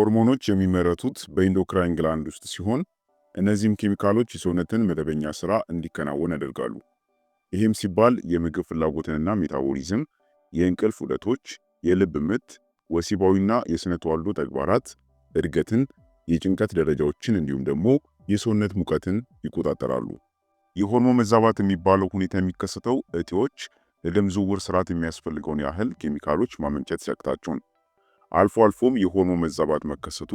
ሆርሞኖች የሚመረቱት በኢንዶክራይን ግላንድ ውስጥ ሲሆን እነዚህም ኬሚካሎች የሰውነትን መደበኛ ስራ እንዲከናወን ያደርጋሉ። ይህም ሲባል የምግብ ፍላጎትንና ሜታቦሊዝም፣ የእንቅልፍ ውለቶች፣ የልብ ምት፣ ወሲባዊና የስነ ተዋልዶ ተግባራት እድገትን፣ የጭንቀት ደረጃዎችን እንዲሁም ደግሞ የሰውነት ሙቀትን ይቆጣጠራሉ። የሆርሞን መዛባት የሚባለው ሁኔታ የሚከሰተው እጢዎች ለደም ዝውውር ስርዓት የሚያስፈልገውን ያህል ኬሚካሎች ማመንጨት ሲያቅታቸው ነው። አልፎ አልፎም የሆርሞን መዛባት መከሰቱ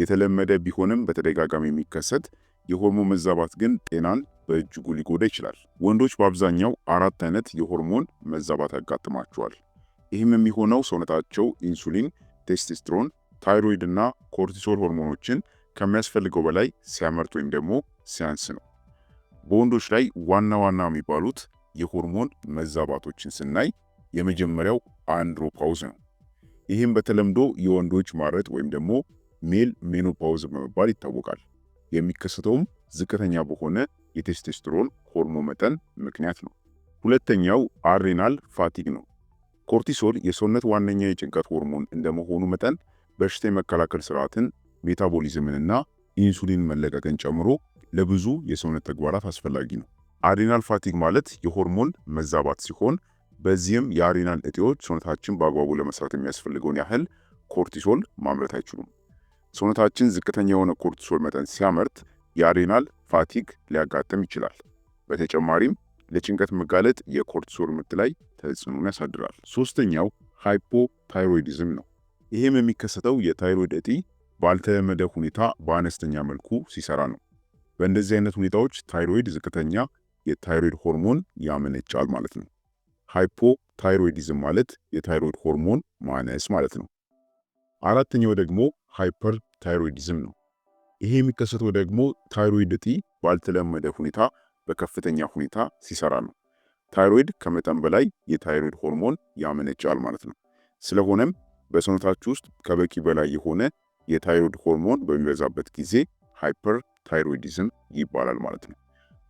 የተለመደ ቢሆንም በተደጋጋሚ የሚከሰት የሆርሞን መዛባት ግን ጤናን በእጅጉ ሊጎዳ ይችላል። ወንዶች በአብዛኛው አራት አይነት የሆርሞን መዛባት ያጋጥማቸዋል። ይህም የሚሆነው ሰውነታቸው ኢንሱሊን፣ ቴስቲስትሮን፣ ታይሮይድ እና ኮርቲሶል ሆርሞኖችን ከሚያስፈልገው በላይ ሲያመርት ወይም ደግሞ ሲያንስ ነው። በወንዶች ላይ ዋና ዋና የሚባሉት የሆርሞን መዛባቶችን ስናይ የመጀመሪያው አንድሮፓውዝ ነው። ይህም በተለምዶ የወንዶች ማረጥ ወይም ደግሞ ሜል ሜኖፓውዝ በመባል ይታወቃል። የሚከሰተውም ዝቅተኛ በሆነ የቴስቴስትሮን ሆርሞን መጠን ምክንያት ነው። ሁለተኛው አድሬናል ፋቲግ ነው። ኮርቲሶል የሰውነት ዋነኛ የጭንቀት ሆርሞን እንደመሆኑ መጠን በሽታ የመከላከል ስርዓትን፣ ሜታቦሊዝምንና ኢንሱሊን መለቀቅን ጨምሮ ለብዙ የሰውነት ተግባራት አስፈላጊ ነው። አድሬናል ፋቲግ ማለት የሆርሞን መዛባት ሲሆን በዚህም የአሪናል እጢዎች ሰውነታችን በአግባቡ ለመስራት የሚያስፈልገውን ያህል ኮርቲሶል ማምረት አይችሉም። ሰውነታችን ዝቅተኛ የሆነ ኮርቲሶል መጠን ሲያመርት የአሪናል ፋቲግ ሊያጋጥም ይችላል። በተጨማሪም ለጭንቀት መጋለጥ የኮርቲሶል ምርት ላይ ተጽዕኖን ያሳድራል። ሶስተኛው ሃይፖታይሮይዲዝም ነው። ይህም የሚከሰተው የታይሮይድ እጢ ባልተለመደ ሁኔታ በአነስተኛ መልኩ ሲሰራ ነው። በእንደዚህ አይነት ሁኔታዎች ታይሮይድ ዝቅተኛ የታይሮይድ ሆርሞን ያመነጫል ማለት ነው። ሃይፖታይሮይዲዝም ማለት የታይሮይድ ሆርሞን ማነስ ማለት ነው። አራተኛው ደግሞ ሃይፐር ታይሮይዲዝም ነው። ይሄ የሚከሰተው ደግሞ ታይሮይድ እጢ ባልተለመደ ሁኔታ በከፍተኛ ሁኔታ ሲሰራ ነው። ታይሮይድ ከመጠን በላይ የታይሮይድ ሆርሞን ያመነጫል ማለት ነው። ስለሆነም በሰውነታችሁ ውስጥ ከበቂ በላይ የሆነ የታይሮይድ ሆርሞን በሚበዛበት ጊዜ ሃይፐር ታይሮይዲዝም ይባላል ማለት ነው።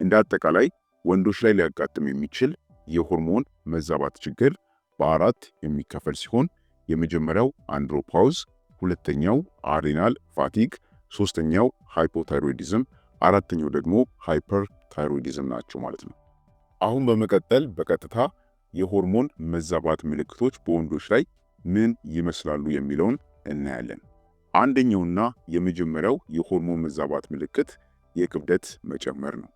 እንደ አጠቃላይ ወንዶች ላይ ሊያጋጥም የሚችል የሆርሞን መዛባት ችግር በአራት የሚከፈል ሲሆን የመጀመሪያው አንድሮፓውዝ፣ ሁለተኛው አሬናል ፋቲግ፣ ሶስተኛው ሃይፖታይሮይዲዝም፣ አራተኛው ደግሞ ሃይፐር ታይሮይዲዝም ናቸው ማለት ነው። አሁን በመቀጠል በቀጥታ የሆርሞን መዛባት ምልክቶች በወንዶች ላይ ምን ይመስላሉ የሚለውን እናያለን። አንደኛውና የመጀመሪያው የሆርሞን መዛባት ምልክት የክብደት መጨመር ነው።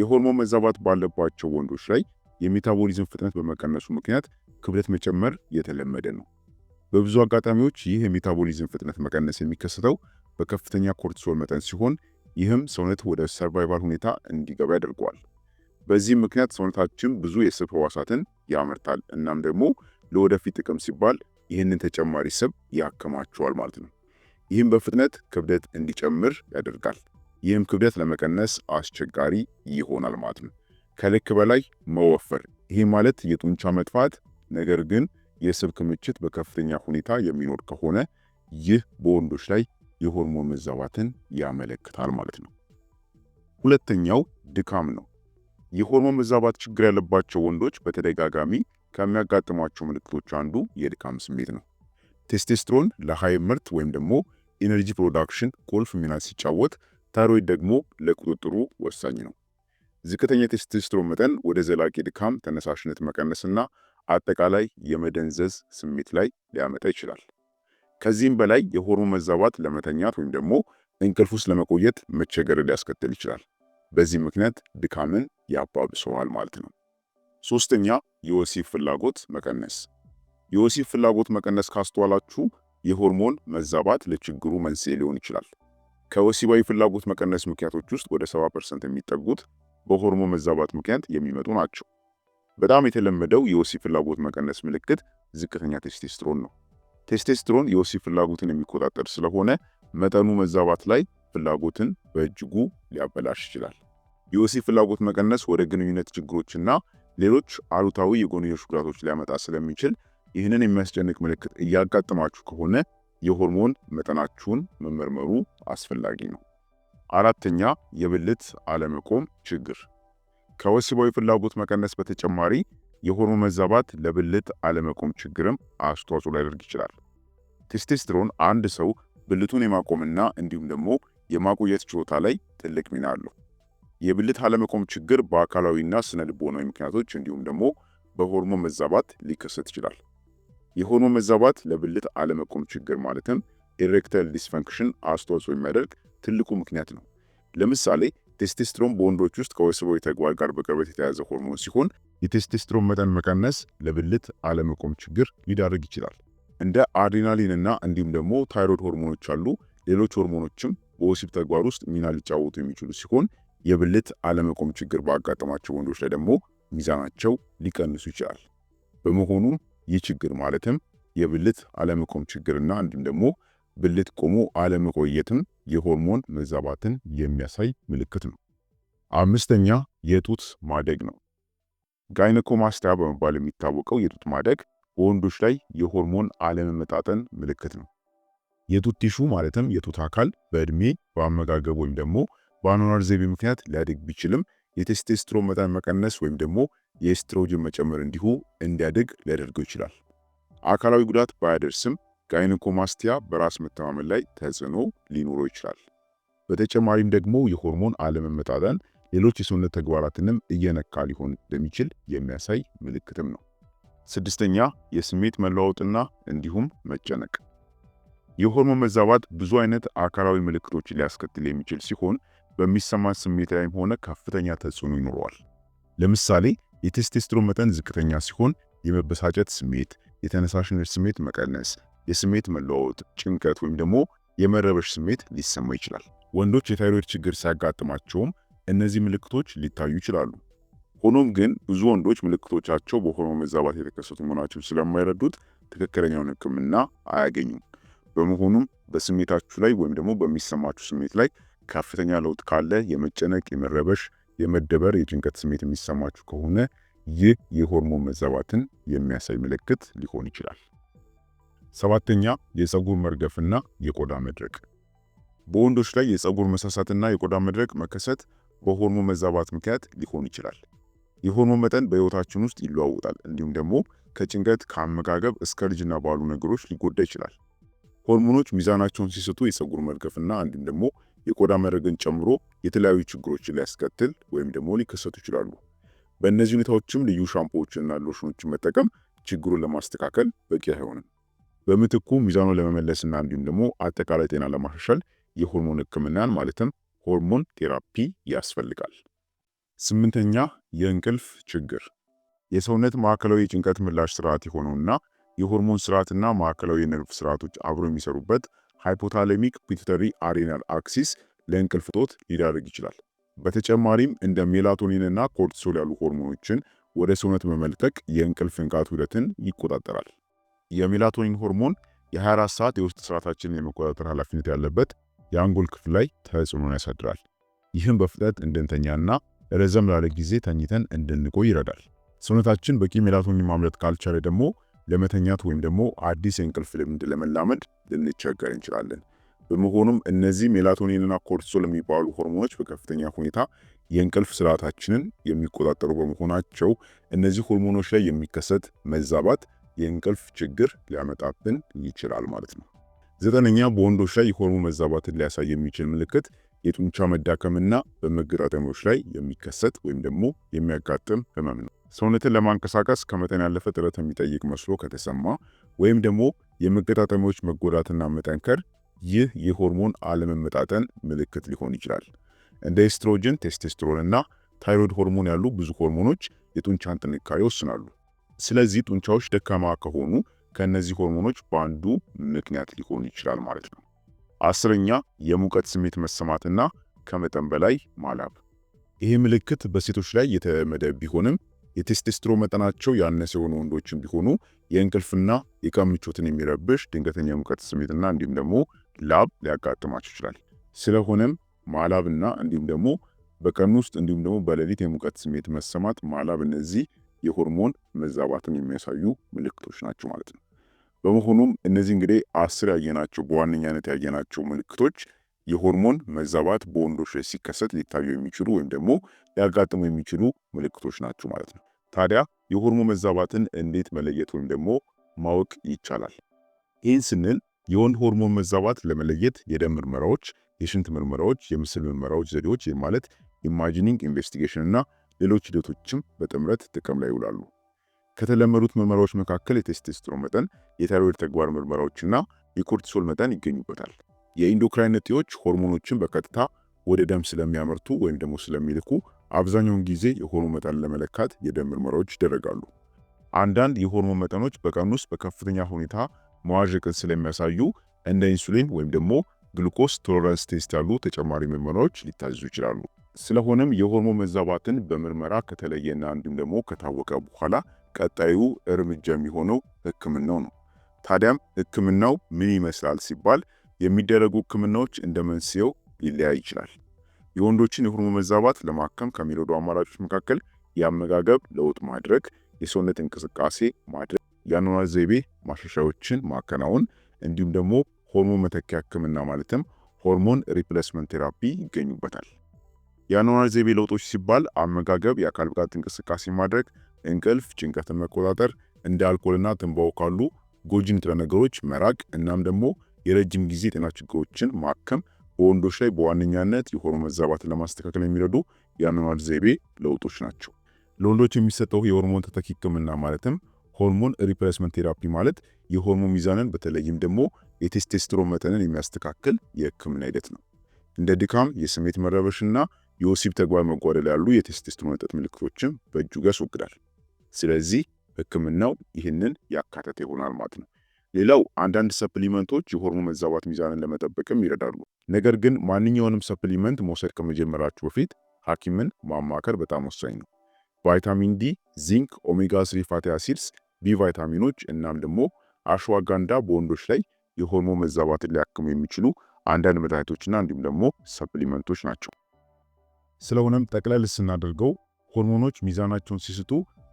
የሆርሞን መዛባት ባለባቸው ወንዶች ላይ የሜታቦሊዝም ፍጥነት በመቀነሱ ምክንያት ክብደት መጨመር የተለመደ ነው። በብዙ አጋጣሚዎች ይህ የሜታቦሊዝም ፍጥነት መቀነስ የሚከሰተው በከፍተኛ ኮርቲሶል መጠን ሲሆን ይህም ሰውነት ወደ ሰርቫይቫል ሁኔታ እንዲገባ ያደርገዋል። በዚህም ምክንያት ሰውነታችን ብዙ የስብ ህዋሳትን ያመርታል። እናም ደግሞ ለወደፊት ጥቅም ሲባል ይህንን ተጨማሪ ስብ ያከማቸዋል ማለት ነው። ይህም በፍጥነት ክብደት እንዲጨምር ያደርጋል። ይህም ክብደት ለመቀነስ አስቸጋሪ ይሆናል ማለት ነው። ከልክ በላይ መወፈር። ይሄ ማለት የጡንቻ መጥፋት፣ ነገር ግን የስብ ክምችት በከፍተኛ ሁኔታ የሚኖር ከሆነ ይህ በወንዶች ላይ የሆርሞን መዛባትን ያመለክታል ማለት ነው። ሁለተኛው ድካም ነው። የሆርሞን መዛባት ችግር ያለባቸው ወንዶች በተደጋጋሚ ከሚያጋጥሟቸው ምልክቶች አንዱ የድካም ስሜት ነው። ቴስቴስትሮን ለኃይል ምርት ወይም ደግሞ ኢነርጂ ፕሮዳክሽን ቁልፍ ሚና ሲጫወት፣ ታይሮይድ ደግሞ ለቁጥጥሩ ወሳኝ ነው። ዝቅተኛ የቴስቶስትሮን መጠን ወደ ዘላቂ ድካም፣ ተነሳሽነት መቀነስና አጠቃላይ የመደንዘዝ ስሜት ላይ ሊያመጣ ይችላል። ከዚህም በላይ የሆርሞን መዛባት ለመተኛት ወይም ደግሞ እንቅልፍ ውስጥ ለመቆየት መቸገር ሊያስከትል ይችላል። በዚህ ምክንያት ድካምን ያባብሰዋል ማለት ነው። ሶስተኛ የወሲብ ፍላጎት መቀነስ። የወሲብ ፍላጎት መቀነስ ካስተዋላችሁ የሆርሞን መዛባት ለችግሩ መንስኤ ሊሆን ይችላል። ከወሲባዊ ፍላጎት መቀነስ ምክንያቶች ውስጥ ወደ 70 ፐርሰንት የሚጠጉት በሆርሞን መዛባት ምክንያት የሚመጡ ናቸው። በጣም የተለመደው የወሲብ ፍላጎት መቀነስ ምልክት ዝቅተኛ ቴስቴስትሮን ነው። ቴስቴስትሮን የወሲብ ፍላጎትን የሚቆጣጠር ስለሆነ መጠኑ መዛባት ላይ ፍላጎትን በእጅጉ ሊያበላሽ ይችላል። የወሲብ ፍላጎት መቀነስ ወደ ግንኙነት ችግሮችና ሌሎች አሉታዊ የጎንዮሽ ጉዳቶች ሊያመጣ ስለሚችል ይህንን የሚያስጨንቅ ምልክት እያጋጠማችሁ ከሆነ የሆርሞን መጠናችሁን መመርመሩ አስፈላጊ ነው። አራተኛ የብልት አለመቆም ችግር። ከወሲባዊ ፍላጎት መቀነስ በተጨማሪ የሆርሞን መዛባት ለብልት አለመቆም ችግርም አስተዋጽኦ ሊያደርግ ይችላል። ቴስቴስትሮን አንድ ሰው ብልቱን የማቆምና እንዲሁም ደግሞ የማቆየት ችሎታ ላይ ትልቅ ሚና አለው። የብልት አለመቆም ችግር በአካላዊና ስነ ልቦናዊ ምክንያቶች እንዲሁም ደግሞ በሆርሞን መዛባት ሊከሰት ይችላል። የሆርሞን መዛባት ለብልት አለመቆም ችግር ማለትም ኢሬክታይል ዲስፈንክሽን አስተዋጽኦ የሚያደርግ ትልቁ ምክንያት ነው። ለምሳሌ ቴስቴስትሮን በወንዶች ውስጥ ከወሲባዊ ተግባር ጋር በቅርበት የተያዘ ሆርሞን ሲሆን የቴስቴስትሮን መጠን መቀነስ ለብልት አለመቆም ችግር ሊዳርግ ይችላል። እንደ አድሬናሊንና እና እንዲሁም ደግሞ ታይሮድ ሆርሞኖች አሉ። ሌሎች ሆርሞኖችም በወሲብ ተግባር ውስጥ ሚና ሊጫወቱ የሚችሉ ሲሆን የብልት አለመቆም ችግር ባጋጠማቸው ወንዶች ላይ ደግሞ ሚዛናቸው ሊቀንሱ ይችላል። በመሆኑም ይህ ችግር ማለትም የብልት አለመቆም ችግርና እንዲሁም ደግሞ ብልት ቆሞ አለመቆየትም የሆርሞን መዛባትን የሚያሳይ ምልክት ነው። አምስተኛ የጡት ማደግ ነው። ጋይነኮማስቲያ በመባል የሚታወቀው የጡት ማደግ በወንዶች ላይ የሆርሞን አለመመጣጠን ምልክት ነው። የጡት ቲሹ ማለትም የጡት አካል በእድሜ በአመጋገብ ወይም ደግሞ በአኗኗር ዘይቤ ምክንያት ሊያድግ ቢችልም የቴስቴስትሮን መጠን መቀነስ ወይም ደግሞ የኤስትሮጅን መጨመር እንዲሁ እንዲያድግ ሊያደርገው ይችላል። አካላዊ ጉዳት ባያደርስም ጋይኒኮማስቲያ በራስ መተማመን ላይ ተጽዕኖ ሊኖረው ይችላል። በተጨማሪም ደግሞ የሆርሞን አለመመጣጠን ሌሎች የሰውነት ተግባራትንም እየነካ ሊሆን እንደሚችል የሚያሳይ ምልክትም ነው። ስድስተኛ የስሜት መለዋወጥና እንዲሁም መጨነቅ። የሆርሞን መዛባት ብዙ አይነት አካላዊ ምልክቶችን ሊያስከትል የሚችል ሲሆን በሚሰማን ስሜት ላይም ሆነ ከፍተኛ ተጽዕኖ ይኖረዋል። ለምሳሌ የቴስቴስትሮን መጠን ዝቅተኛ ሲሆን የመበሳጨት ስሜት፣ የተነሳሽነት ስሜት መቀነስ፣ የስሜት መለዋወጥ፣ ጭንቀት ወይም ደግሞ የመረበሽ ስሜት ሊሰማ ይችላል። ወንዶች የታይሮይድ ችግር ሲያጋጥማቸውም እነዚህ ምልክቶች ሊታዩ ይችላሉ። ሆኖም ግን ብዙ ወንዶች ምልክቶቻቸው በሆርሞን መዛባት የተከሰቱ መሆናቸው ስለማይረዱት ትክክለኛውን ሕክምና አያገኙም። በመሆኑም በስሜታችሁ ላይ ወይም ደግሞ በሚሰማችሁ ስሜት ላይ ከፍተኛ ለውጥ ካለ፣ የመጨነቅ፣ የመረበሽ፣ የመደበር፣ የጭንቀት ስሜት የሚሰማችሁ ከሆነ ይህ የሆርሞን መዛባትን የሚያሳይ ምልክት ሊሆን ይችላል። ሰባተኛ የፀጉር መርገፍና የቆዳ መድረቅ። በወንዶች ላይ የፀጉር መሳሳትና የቆዳ መድረቅ መከሰት በሆርሞን መዛባት ምክንያት ሊሆን ይችላል። የሆርሞን መጠን በህይወታችን ውስጥ ይለዋወጣል፣ እንዲሁም ደግሞ ከጭንቀት ከአመጋገብ እስከ ልጅና ባሉ ነገሮች ሊጎዳ ይችላል። ሆርሞኖች ሚዛናቸውን ሲስቱ የፀጉር መርገፍና እንዲሁም ደግሞ የቆዳ መድረቅን ጨምሮ የተለያዩ ችግሮችን ሊያስከትል ወይም ደግሞ ሊከሰቱ ይችላሉ። በእነዚህ ሁኔታዎችም ልዩ ሻምፖዎችንና ሎሽኖችን መጠቀም ችግሩን ለማስተካከል በቂ አይሆንም። በምትኩ ሚዛኑን ለመመለስና እንዲሁም ደግሞ አጠቃላይ ጤና ለማሻሻል የሆርሞን ህክምናን ማለትም ሆርሞን ቴራፒ ያስፈልጋል። ስምንተኛ የእንቅልፍ ችግር የሰውነት ማዕከላዊ የጭንቀት ምላሽ ስርዓት የሆነውና የሆርሞን ስርዓትና ማዕከላዊ የነርቭ ስርዓቶች አብሮ የሚሰሩበት ሃይፖታለሚክ ፒቱተሪ አሬናል አክሲስ ለእንቅልፍ እጦት ሊዳርግ ይችላል። በተጨማሪም እንደ ሜላቶኒንና ኮርቲሶል ያሉ ሆርሞኖችን ወደ ሰውነት መመልቀቅ የእንቅልፍ ንቃት ሂደትን ይቆጣጠራል። የሜላቶኒን ሆርሞን የ24 ሰዓት የውስጥ ስርዓታችንን የመቆጣጠር ኃላፊነት ያለበት የአንጎል ክፍል ላይ ተጽዕኖን ያሳድራል። ይህም በፍጥነት እንድንተኛና ረዘም ላለ ጊዜ ተኝተን እንድንቆይ ይረዳል። ሰውነታችን በቂ ሜላቶኒን ማምለት ካልቻለ ደግሞ ለመተኛት ወይም ደግሞ አዲስ የእንቅልፍ ልምድ ለመላመድ ልንቸገር እንችላለን። በመሆኑም እነዚህ ሜላቶኒንና ኮርቲሶል የሚባሉ ሆርሞኖች በከፍተኛ ሁኔታ የእንቅልፍ ስርዓታችንን የሚቆጣጠሩ በመሆናቸው እነዚህ ሆርሞኖች ላይ የሚከሰት መዛባት የእንቅልፍ ችግር ሊያመጣብን ይችላል ማለት ነው። ዘጠነኛ በወንዶች ላይ የሆርሞን መዛባትን ሊያሳይ የሚችል ምልክት የጡንቻ መዳከምና በመገጣጠሚያዎች ላይ የሚከሰት ወይም ደግሞ የሚያጋጥም ህመም ነው። ሰውነትን ለማንቀሳቀስ ከመጠን ያለፈ ጥረት የሚጠይቅ መስሎ ከተሰማ ወይም ደግሞ የመገጣጠሚያዎች መጎዳትና መጠንከር፣ ይህ የሆርሞን አለመመጣጠን ምልክት ሊሆን ይችላል። እንደ ኤስትሮጅን፣ ቴስቴስትሮን እና ታይሮይድ ሆርሞን ያሉ ብዙ ሆርሞኖች የጡንቻን ጥንካሬ ይወስናሉ። ስለዚህ ጡንቻዎች ደካማ ከሆኑ ከእነዚህ ሆርሞኖች በአንዱ ምክንያት ሊሆን ይችላል ማለት ነው። አስረኛ የሙቀት ስሜት መሰማትና ከመጠን በላይ ማላብ። ይህ ምልክት በሴቶች ላይ የተለመደ ቢሆንም የቴስቴስትሮ መጠናቸው ያነሰ የሆኑ ወንዶችም ቢሆኑ የእንቅልፍና የቀን ምቾትን የሚረብሽ ድንገተኛ የሙቀት ስሜትና እንዲሁም ደግሞ ላብ ሊያጋጥማቸው ይችላል። ስለሆነም ማላብና እንዲሁም ደግሞ በቀን ውስጥ እንዲሁም ደግሞ በሌሊት የሙቀት ስሜት መሰማት፣ ማላብ እነዚህ የሆርሞን መዛባትን የሚያሳዩ ምልክቶች ናቸው ማለት ነው። በመሆኑም እነዚህ እንግዲህ አስር ያየናቸው በዋነኛነት ያየናቸው ምልክቶች የሆርሞን መዛባት በወንዶች ላይ ሲከሰት ሊታዩ የሚችሉ ወይም ደግሞ ሊያጋጥሙ የሚችሉ ምልክቶች ናቸው ማለት ነው። ታዲያ የሆርሞን መዛባትን እንዴት መለየት ወይም ደግሞ ማወቅ ይቻላል? ይህን ስንል የወንድ ሆርሞን መዛባት ለመለየት የደም ምርመራዎች፣ የሽንት ምርመራዎች፣ የምስል ምርመራዎች ዘዴዎች ማለት ኢማጂኒንግ ኢንቨስቲጌሽን እና ሌሎች ሂደቶችም በጥምረት ጥቅም ላይ ይውላሉ። ከተለመዱት ምርመራዎች መካከል የቴስቴስትሮን መጠን፣ የታይሮይድ ተግባር ምርመራዎችና የኮርቲሶል መጠን ይገኙበታል። የኢንዶክራይን እጢዎች ሆርሞኖችን በቀጥታ ወደ ደም ስለሚያመርቱ ወይም ደግሞ ስለሚልኩ አብዛኛውን ጊዜ የሆርሞን መጠን ለመለካት የደም ምርመራዎች ይደረጋሉ። አንዳንድ የሆርሞን መጠኖች በቀን ውስጥ በከፍተኛ ሁኔታ መዋዠቅን ስለሚያሳዩ እንደ ኢንሱሊን ወይም ደግሞ ግሉኮስ ቶለራንስ ቴስት ያሉ ተጨማሪ ምርመራዎች ሊታዘዙ ይችላሉ። ስለሆነም የሆርሞን መዛባትን በምርመራ ከተለየና እንዲሁም ደግሞ ከታወቀ በኋላ ቀጣዩ እርምጃ የሚሆነው ህክምናው ነው። ታዲያም ህክምናው ምን ይመስላል ሲባል የሚደረጉ ህክምናዎች እንደ መንስኤው ሊለያይ ይችላል። የወንዶችን የሆርሞን መዛባት ለማከም ከሚረዱ አማራጮች መካከል የአመጋገብ ለውጥ ማድረግ፣ የሰውነት እንቅስቃሴ ማድረግ፣ የአኗኗር ዘይቤ ማሻሻዮችን ማከናወን እንዲሁም ደግሞ ሆርሞን መተኪያ ህክምና ማለትም ሆርሞን ሪፕሌስመንት ቴራፒ ይገኙበታል። የአኗኗር ዘይቤ ለውጦች ሲባል አመጋገብ፣ የአካል ብቃት እንቅስቃሴ ማድረግ፣ እንቅልፍ፣ ጭንቀትን መቆጣጠር፣ እንደ አልኮልና ትንባው ካሉ ጎጂ ንጥረ ነገሮች መራቅ እናም ደግሞ የረጅም ጊዜ የጤና ችግሮችን ማከም በወንዶች ላይ በዋነኛነት የሆርሞን መዛባትን ለማስተካከል የሚረዱ የአኗኗር ዘይቤ ለውጦች ናቸው። ለወንዶች የሚሰጠው የሆርሞን ተተኪ ህክምና ማለትም ሆርሞን ሪፕሌስመንት ቴራፒ ማለት የሆርሞን ሚዛንን በተለይም ደግሞ የቴስቴስትሮን መጠንን የሚያስተካክል የህክምና ሂደት ነው። እንደ ድካም፣ የስሜት መረበሽና የወሲብ ተግባር መጓደል ያሉ የቴስቴስትሮን እጥረት ምልክቶችን በእጅጉ ያስወግዳል። ስለዚህ ህክምናው ይህንን ያካተተ ይሆናል ማለት ነው። ሌላው አንዳንድ ሰፕሊመንቶች የሆርሞን መዛባት ሚዛንን ለመጠበቅም ይረዳሉ። ነገር ግን ማንኛውንም ሰፕሊመንት መውሰድ ከመጀመራችሁ በፊት ሐኪምን ማማከር በጣም ወሳኝ ነው። ቫይታሚን ዲ፣ ዚንክ፣ ኦሜጋ ስሪ ፋቲ አሲድስ፣ ቢ ቫይታሚኖች እናም ደግሞ አሽዋጋንዳ በወንዶች ላይ የሆርሞን መዛባትን ሊያክሙ የሚችሉ አንዳንድ መድኃኒቶችና እንዲሁም ደግሞ ሰፕሊመንቶች ናቸው። ስለሆነም ጠቅለል ስናደርገው ሆርሞኖች ሚዛናቸውን ሲስቱ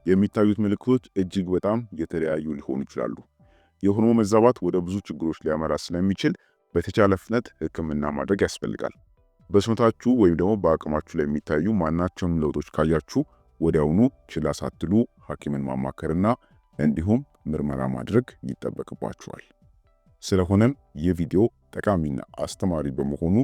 የሚታዩት ምልክቶች እጅግ በጣም የተለያዩ ሊሆኑ ይችላሉ። የሆርሞን መዛባት ወደ ብዙ ችግሮች ሊያመራ ስለሚችል በተቻለ ፍጥነት ሕክምና ማድረግ ያስፈልጋል። በሰውነታችሁ ወይም ደግሞ በአቅማችሁ ላይ የሚታዩ ማናቸውም ለውጦች ካያችሁ ወዲያውኑ ችላ ሳትሉ ሐኪምን ማማከርና እንዲሁም ምርመራ ማድረግ ይጠበቅባችኋል። ስለሆነም ይህ ቪዲዮ ጠቃሚና አስተማሪ በመሆኑ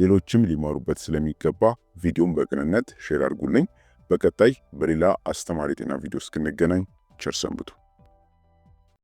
ሌሎችም ሊማሩበት ስለሚገባ ቪዲዮን በቅንነት ሼር አድርጉልኝ። በቀጣይ በሌላ አስተማሪ ጤና ቪዲዮ እስክንገናኝ ቸር ሰንብቱ።